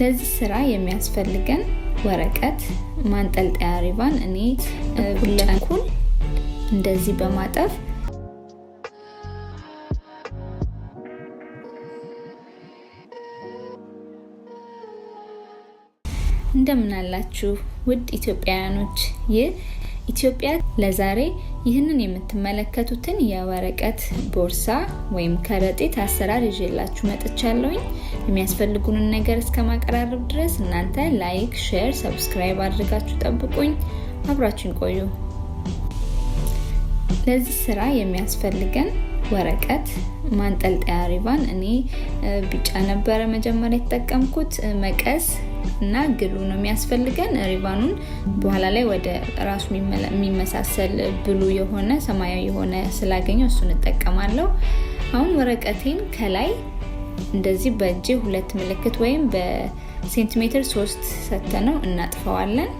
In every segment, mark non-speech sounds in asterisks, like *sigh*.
ለዚህ ስራ የሚያስፈልገን ወረቀት ማንጠልጠያ ሪባን እኔ ሁለኩል እንደዚህ በማጠፍ እንደምናላችሁ ውድ ኢትዮጵያውያኖች ይህ ኢትዮጵያ ለዛሬ ይህንን የምትመለከቱትን የወረቀት ቦርሳ ወይም ከረጢት አሰራር ይዤላችሁ መጥቻለሁኝ። የሚያስፈልጉንን ነገር እስከ ማቀራረብ ድረስ እናንተ ላይክ፣ ሼር፣ ሰብስክራይብ አድርጋችሁ ጠብቁኝ። አብራችን ቆዩ። ለዚህ ስራ የሚያስፈልገን ወረቀት ማንጠልጠያ ሪቫን፣ እኔ ቢጫ ነበረ መጀመሪያ የተጠቀምኩት፣ መቀስ እና ግሉ ነው የሚያስፈልገን። ሪቫኑን በኋላ ላይ ወደ ራሱ የሚመሳሰል ብሉ የሆነ ሰማያዊ የሆነ ስላገኘው እሱን እጠቀማለሁ። አሁን ወረቀቴን ከላይ እንደዚህ በእጄ ሁለት ምልክት ወይም በሴንቲሜትር ሶስት ሰተነው እናጥፈዋለን።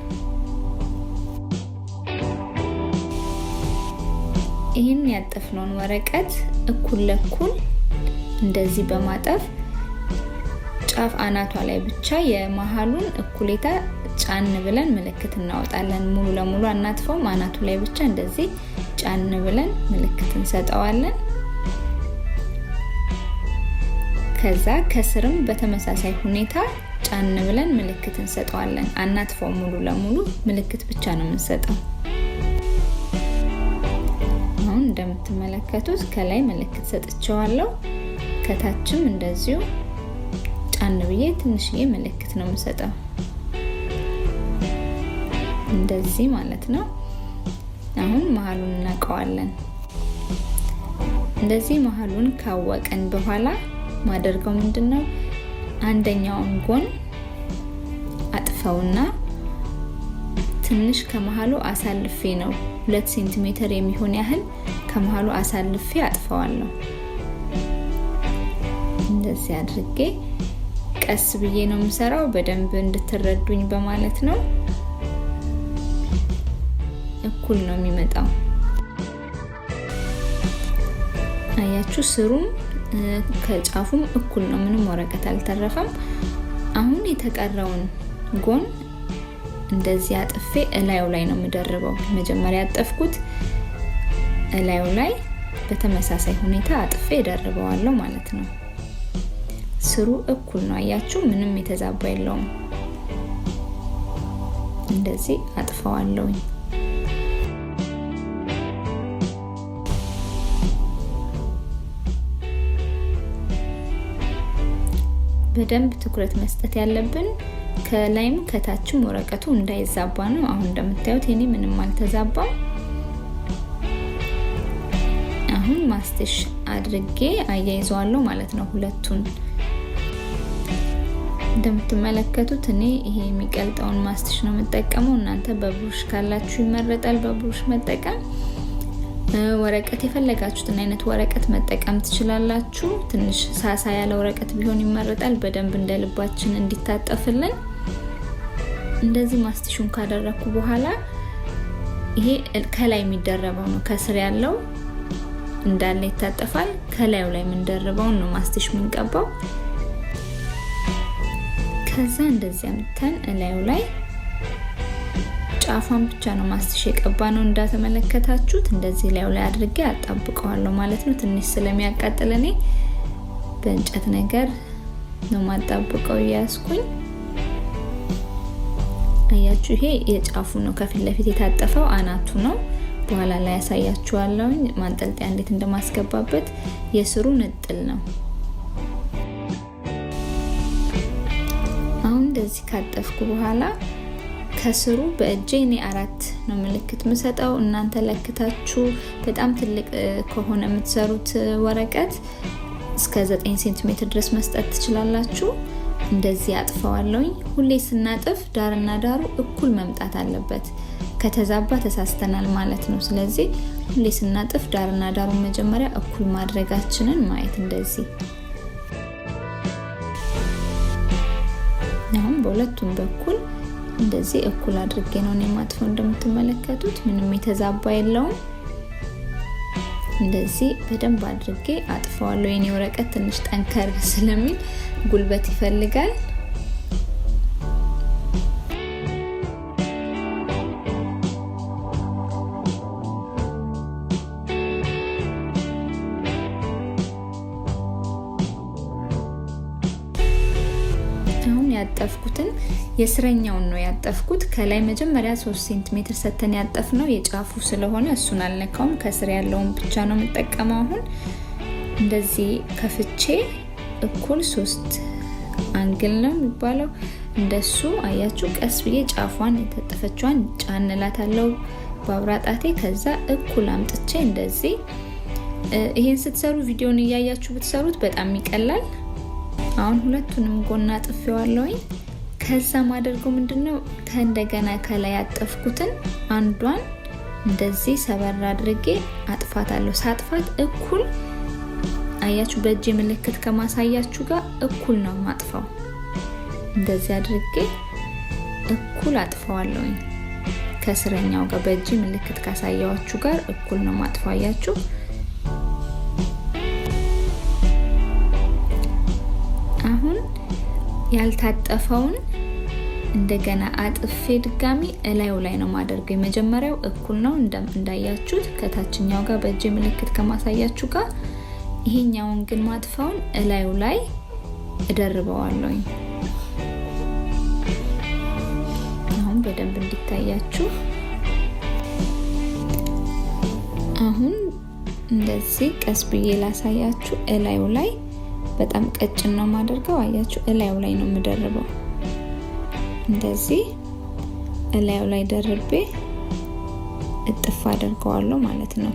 ይህን ያጠፍነውን ወረቀት እኩል ለኩል እንደዚህ በማጠፍ ጫፍ አናቷ ላይ ብቻ የመሀሉን እኩሌታ ጫን ብለን ምልክት እናወጣለን። ሙሉ ለሙሉ አናትፈውም። አናቱ ላይ ብቻ እንደዚህ ጫን ብለን ምልክት እንሰጠዋለን። ከዛ ከስርም በተመሳሳይ ሁኔታ ጫን ብለን ምልክት እንሰጠዋለን። አናትፈው ሙሉ ለሙሉ ምልክት ብቻ ነው የምንሰጠው። አሁን እንደምትመለከቱት ከላይ ምልክት ሰጥቸዋለሁ፣ ከታችም እንደዚሁ ጫን ብዬ ትንሽዬ ምልክት ነው የምሰጠው። እንደዚህ ማለት ነው። አሁን መሀሉን እናውቀዋለን። እንደዚህ መሀሉን ካወቀን በኋላ ማደርገው ምንድን ነው አንደኛውን ጎን አጥፈውና ትንሽ ከመሀሉ አሳልፌ ነው ሁለት ሴንቲሜትር የሚሆን ያህል ከመሀሉ አሳልፌ አጥፈዋለሁ። እንደዚህ አድርጌ ቀስ ብዬ ነው የምሰራው፣ በደንብ እንድትረዱኝ በማለት ነው። እኩል ነው የሚመጣው። አያችሁ፣ ስሩም ከጫፉም እኩል ነው። ምንም ወረቀት አልተረፈም። አሁን የተቀረውን ጎን እንደዚህ አጥፌ እላዩ ላይ ነው የምደርበው። መጀመሪያ ያጠፍኩት እላዩ ላይ በተመሳሳይ ሁኔታ አጥፌ እደርበዋለሁ ማለት ነው። ስሩ እኩል ነው። አያችሁ ምንም የተዛባ የለውም። እንደዚህ አጥፈዋለሁኝ። በደንብ ትኩረት መስጠት ያለብን ከላይም ከታችም ወረቀቱ እንዳይዛባ ነው። አሁን እንደምታዩት የኔ ምንም አልተዛባም። አሁን ማስቲሽ አድርጌ አያይዘዋለሁ ማለት ነው ሁለቱን እንደምትመለከቱት እኔ ይሄ የሚቀልጠውን ማስትሽ ነው የምጠቀመው። እናንተ በብሩሽ ካላችሁ ይመረጣል፣ በብሩሽ መጠቀም። ወረቀት የፈለጋችሁትን አይነት ወረቀት መጠቀም ትችላላችሁ። ትንሽ ሳሳ ያለ ወረቀት ቢሆን ይመረጣል፣ በደንብ እንደ ልባችን እንዲታጠፍልን። እንደዚህ ማስትሹን ካደረግኩ በኋላ ይሄ ከላይ የሚደረበው ነው። ከስር ያለው እንዳለ ይታጠፋል። ከላዩ ላይ የምንደርበውን ነው ማስትሽ የምንቀባው። ከዛ እንደዚህ አምጥተን እላዩ ላይ ጫፏን ብቻ ነው ማስትሽ የቀባ ነው እንዳተመለከታችሁት፣ እንደዚህ ላዩ ላይ አድርጌ አጣብቀዋለሁ ማለት ነው። ትንሽ ስለሚያቃጥል እኔ በእንጨት ነገር ነው ማጣብቀው እያያዝኩኝ። አያችሁ፣ ይሄ የጫፉ ነው። ከፊት ለፊት የታጠፈው አናቱ ነው። በኋላ ላይ ያሳያችኋለሁኝ ማንጠልጠያ እንዴት እንደማስገባበት። የስሩ ንጥል ነው። እንደዚህ ካጠፍኩ በኋላ ከስሩ በእጄ እኔ አራት ነው ምልክት ምሰጠው። እናንተ ለክታችሁ በጣም ትልቅ ከሆነ የምትሰሩት ወረቀት እስከ 9 ሴንቲሜትር ድረስ መስጠት ትችላላችሁ። እንደዚህ አጥፈዋለውኝ። ሁሌ ስናጥፍ ዳርና ዳሩ እኩል መምጣት አለበት። ከተዛባ ተሳስተናል ማለት ነው። ስለዚህ ሁሌ ስናጥፍ ዳርና ዳሩን መጀመሪያ እኩል ማድረጋችንን ማየት እንደዚህ በሁለቱም በኩል እንደዚህ እኩል አድርጌ ነው የማጥፈው። እንደምትመለከቱት ምንም የተዛባ የለውም። እንደዚህ በደንብ አድርጌ አጥፈዋለሁ። የኔ ወረቀት ትንሽ ጠንከር *laughs* ስለሚል ጉልበት ይፈልጋል። የስረኛውን ነው ያጠፍኩት። ከላይ መጀመሪያ ሶስት ሴንቲሜትር ሰተን ያጠፍ ነው የጫፉ ስለሆነ እሱን አልነካውም። ከስር ያለውን ብቻ ነው የምጠቀመው። አሁን እንደዚህ ከፍቼ እኩል ሶስት አንግል ነው የሚባለው። እንደሱ አያችሁ፣ ቀስ ብዬ ጫፏን የተጠፈቿን ጫንላታለው በአብራጣቴ። ከዛ እኩል አምጥቼ እንደዚህ ይህን ስትሰሩ ቪዲዮን እያያችሁ ብትሰሩት በጣም ይቀላል። አሁን ሁለቱንም ጎና ጥፌዋለሁኝ። ከዛ ማደርገው ምንድን ነው ከእንደገና ከላይ ያጠፍኩትን አንዷን እንደዚህ ሰበር አድርጌ አጥፋታለሁ። ሳጥፋት እኩል አያችሁ፣ በእጅ ምልክት ከማሳያችሁ ጋር እኩል ነው ማጥፋው። እንደዚህ አድርጌ እኩል አጥፋዋለሁኝ። ከስረኛው ጋር በእጅ ምልክት ካሳያችሁ ጋር እኩል ነው ማጥፋው። አያችሁ ያልታጠፈውን እንደገና አጥፌ ድጋሚ እላዩ ላይ ነው ማደርገው። የመጀመሪያው እኩል ነው እንዳያችሁት ከታችኛው ጋር በእጅ ምልክት ከማሳያችሁ ጋር። ይሄኛውን ግን ማጥፋውን እላዩ ላይ እደርበዋለሁኝ። አሁን በደንብ እንዲታያችሁ አሁን እንደዚህ ቀስ ብዬ ላሳያችሁ እላዩ ላይ በጣም ቀጭን ነው ማደርገው። አያችሁ እላዩ ላይ ነው የምደርበው። እንደዚህ እላዩ ላይ ደርቤ እጥፍ አደርገዋለሁ ማለት ነው።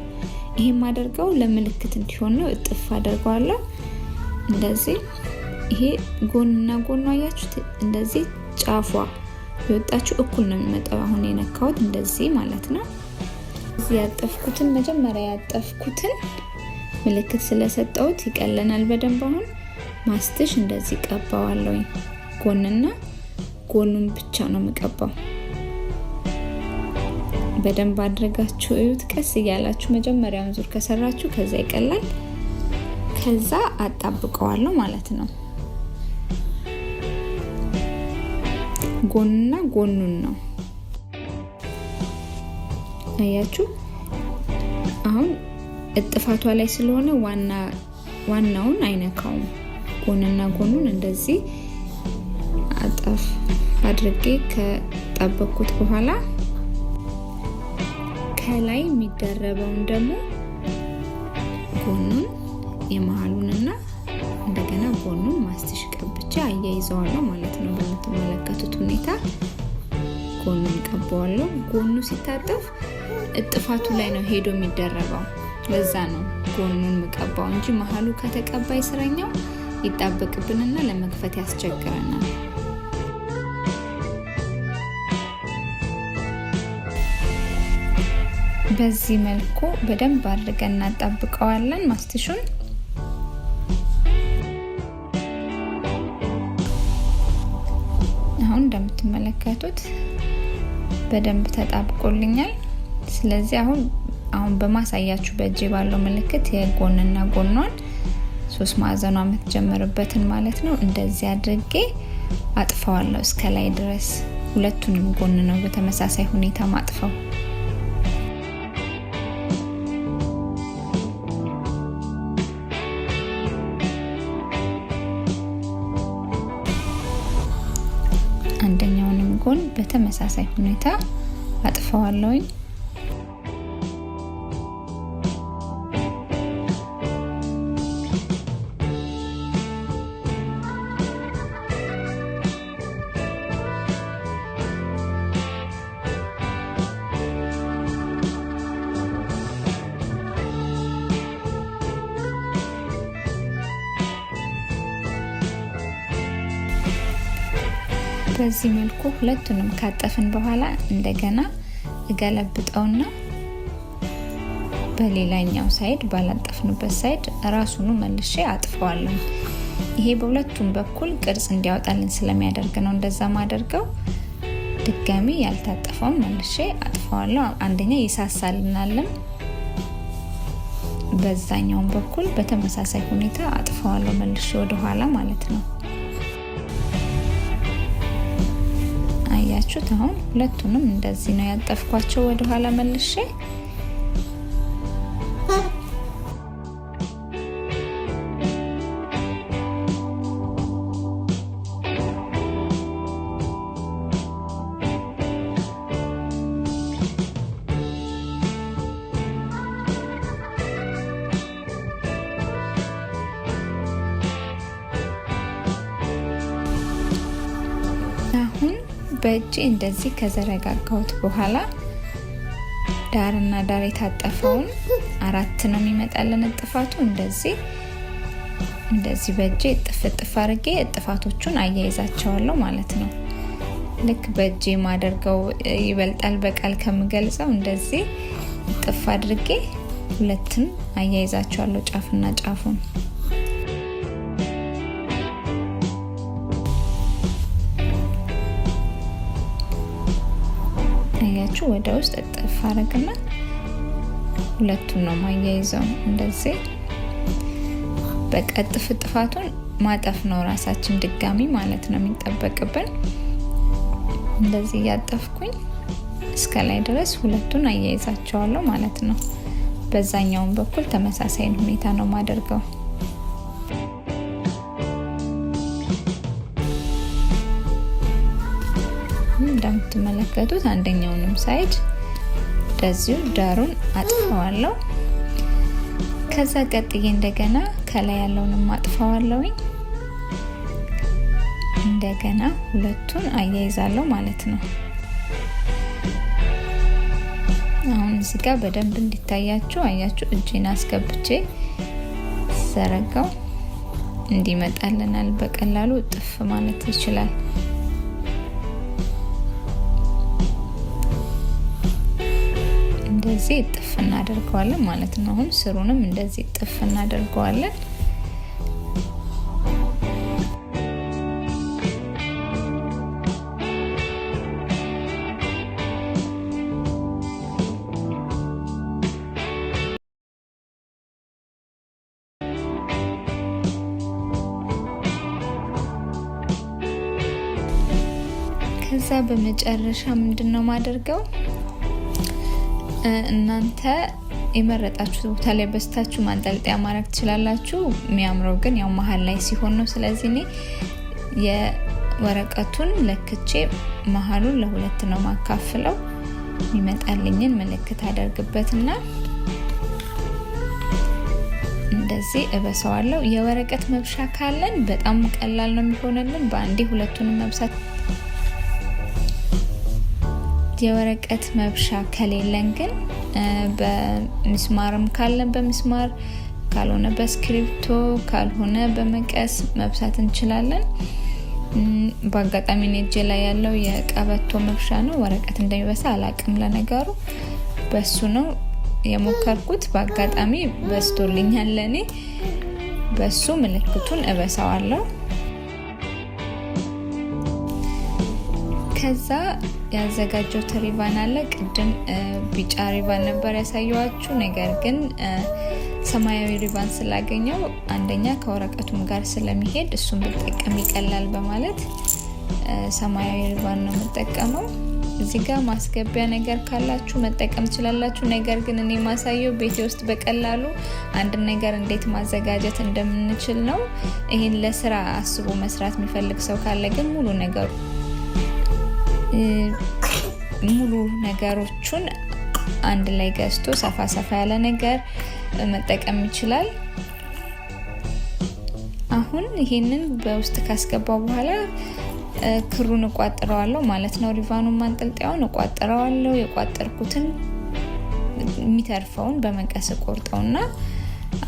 ይሄ አደርገው ለምልክት እንዲሆን ነው። እጥፍ አደርገዋለሁ እንደዚህ። ይሄ ጎንና ጎን አያችሁት፣ እንደዚህ ጫፏ የወጣችሁ እኩል ነው የሚመጣው። አሁን የነካሁት እንደዚህ ማለት ነው። እዚህ ያጠፍኩትን መጀመሪያ ያጠፍኩትን ምልክት ስለሰጠውት ይቀለናል በደንብ አሁን ማስትሽ እንደዚህ ቀባዋለሁኝ። ጎንና ጎኑን ብቻ ነው የምቀባው። በደንብ አድርጋችሁ እዩት። ቀስ እያላችሁ መጀመሪያውን ዙር ከሰራችሁ ከዛ ይቀላል። ከዛ አጣብቀዋለሁ ማለት ነው። ጎንና ጎኑን ነው አያችሁ አሁን እጥፋቷ ላይ ስለሆነ ዋናውን አይነካውም። ጎንና ጎኑን እንደዚህ አጠፍ አድርጌ ከጠበኩት በኋላ ከላይ የሚደረበውን ደግሞ ጎኑን የመሀሉንና እንደገና ጎኑን ማስቲሽ ቀብቼ አያይዘዋለሁ ማለት ነው። በምትመለከቱት ሁኔታ ጎኑን ቀበዋለሁ። ጎኑ ሲታጠፍ እጥፋቱ ላይ ነው ሄዶ የሚደረበው። ለዛ ነው ጎኑን ምቀባው እንጂ መሀሉ ከተቀባ ስረኛው ይጣበቅብንና ለመክፈት ያስቸግረናል። በዚህ መልኩ በደንብ አድርገን እናጣብቀዋለን ማስትሹን። አሁን እንደምትመለከቱት በደንብ ተጣብቆልኛል። ስለዚህ አሁን አሁን በማሳያችሁ በእጄ ባለው ምልክት የጎንና ጎኗን ሶስት ማዕዘኗ የምትጀምርበትን ማለት ነው እንደዚህ አድርጌ አጥፈዋለሁ እስከ ላይ ድረስ። ሁለቱንም ጎን ነው በተመሳሳይ ሁኔታ ማጥፈው። አንደኛውንም ጎን በተመሳሳይ ሁኔታ አጥፈዋለሁኝ። በዚህ መልኩ ሁለቱንም ካጠፍን በኋላ እንደገና እገለብጠውና በሌላኛው ሳይድ ባላጠፍንበት ሳይድ ራሱኑ መልሼ አጥፈዋለሁ። ይሄ በሁለቱም በኩል ቅርጽ እንዲያወጣልን ስለሚያደርግ ነው እንደዛ ማደርገው። ድጋሚ ያልታጠፈውን መልሼ አጥፈዋለሁ። አንደኛ ይሳሳልናልም። በዛኛውም በኩል በተመሳሳይ ሁኔታ አጥፈዋለሁ መልሼ ወደኋላ ማለት ነው። እንዳያችሁት አሁን ሁለቱንም እንደዚህ ነው ያጠፍኳቸው ወደኋላ መልሼ በእጅ እንደዚህ ከዘረጋጋሁት በኋላ ዳርና ዳር የታጠፈውን አራት ነው የሚመጣልን እጥፋቱ። እንደዚህ እንደዚህ በእጅ እጥፍ እጥፍ አድርጌ እጥፋቶቹን አያይዛቸዋለሁ ማለት ነው። ልክ በእጅ ማደርገው ይበልጣል በቃል ከምገልጸው። እንደዚህ እጥፍ አድርጌ ሁለትን አያይዛቸዋለሁ ጫፍና ጫፉን አድርጋችሁ ወደ ውስጥ እጥፍ አረግና ሁለቱን ነው ማያይዘው። እንደዚህ በቀጥፍ ጥፋቱን ማጠፍ ነው ራሳችን ድጋሚ ማለት ነው የሚጠበቅብን። እንደዚህ እያጠፍኩኝ እስከ ላይ ድረስ ሁለቱን አያይዛቸዋለሁ ማለት ነው። በዛኛውን በኩል ተመሳሳይን ሁኔታ ነው ማደርገው። እንደምትመለከቱት አንደኛውንም ሳይድ እንደዚሁ ዳሩን አጥፈዋለሁ። ከዛ ቀጥዬ እንደገና ከላይ ያለውንም አጥፈዋለውኝ። እንደገና ሁለቱን አያይዛለሁ ማለት ነው። አሁን እዚህ ጋር በደንብ እንዲታያችሁ አያችሁ፣ እጄን አስገብቼ ዘረጋው እንዲመጣልናል በቀላሉ ጥፍ ማለት ይችላል። እንደዚህ ጥፍ እናደርገዋለን ማለት ነው። አሁን ስሩንም እንደዚህ ጥፍ እናደርገዋለን። ከዛ በመጨረሻ ምንድን ነው ማደርገው እናንተ የመረጣችሁ ቦታ ላይ በስታችሁ ማንጠልጠያ ማድረግ ትችላላችሁ። የሚያምረው ግን ያው መሀል ላይ ሲሆን ነው። ስለዚህ እኔ የወረቀቱን ለክቼ መሀሉን ለሁለት ነው ማካፍለው። የሚመጣልኝን ምልክት አደርግበትና እንደዚህ እበሰዋለሁ። የወረቀት መብሻ ካለን በጣም ቀላል ነው የሚሆንልን። በአንዴ ሁለቱንም መብሳት የወረቀት መብሻ ከሌለን ግን በሚስማርም ካለን በሚስማር ካልሆነ በስክሪፕቶ ካልሆነ በመቀስ መብሳት እንችላለን። በአጋጣሚ ኔጄ ላይ ያለው የቀበቶ መብሻ ነው። ወረቀት እንደሚበሳ አላቅም ለነገሩ፣ በሱ ነው የሞከርኩት። በአጋጣሚ በስቶልኛል ለእኔ። በሱ ምልክቱን እበሳዋለሁ። ከዛ ያዘጋጀው ሪቫን አለ። ቅድም ቢጫ ሪቫን ነበር ያሳየዋችሁ። ነገር ግን ሰማያዊ ሪቫን ስላገኘው አንደኛ ከወረቀቱም ጋር ስለሚሄድ እሱን ብጠቀም ይቀላል በማለት ሰማያዊ ሪቫን ነው የምጠቀመው። እዚህ ጋር ማስገቢያ ነገር ካላችሁ መጠቀም ትችላላችሁ። ነገር ግን እኔ ማሳየው ቤቴ ውስጥ በቀላሉ አንድ ነገር እንዴት ማዘጋጀት እንደምንችል ነው። ይህን ለስራ አስቦ መስራት የሚፈልግ ሰው ካለ ግን ሙሉ ነገሩ ሙሉ ነገሮቹን አንድ ላይ ገዝቶ ሰፋ ሰፋ ያለ ነገር መጠቀም ይችላል። አሁን ይህንን በውስጥ ካስገባ በኋላ ክሩን እቋጥረዋለሁ ማለት ነው። ሪቫኑን ማንጠልጠያውን እቋጥረዋለሁ። የቋጠርኩትን የሚተርፈውን በመቀስ ቆርጠውና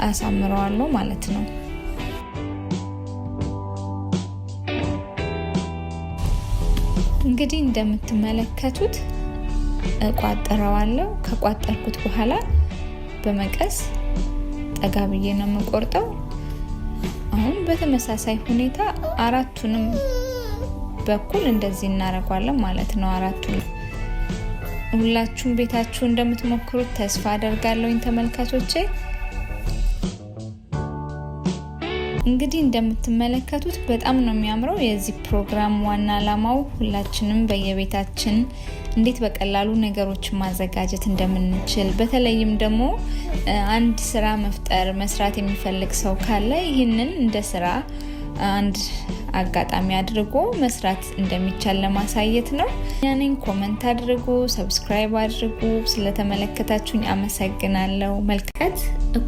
አሳምረዋለሁ ማለት ነው። እንግዲህ እንደምትመለከቱት እቋጥረዋለሁ። ከቋጠርኩት በኋላ በመቀስ ጠጋ ብዬ ነው የምቆርጠው። አሁን በተመሳሳይ ሁኔታ አራቱንም በኩል እንደዚህ እናደርጓለን ማለት ነው። አራቱን ሁላችሁም ቤታችሁ እንደምትሞክሩት ተስፋ አደርጋለሁኝ ተመልካቾቼ። እንግዲህ እንደምትመለከቱት በጣም ነው የሚያምረው። የዚህ ፕሮግራም ዋና አላማው ሁላችንም በየቤታችን እንዴት በቀላሉ ነገሮችን ማዘጋጀት እንደምንችል በተለይም ደግሞ አንድ ስራ መፍጠር መስራት የሚፈልግ ሰው ካለ ይህንን እንደ ስራ አንድ አጋጣሚ አድርጎ መስራት እንደሚቻል ለማሳየት ነው። ያኔን ኮመንት አድርጉ፣ ሰብስክራይብ አድርጉ። ስለተመለከታችሁኝ አመሰግናለሁ። መልከት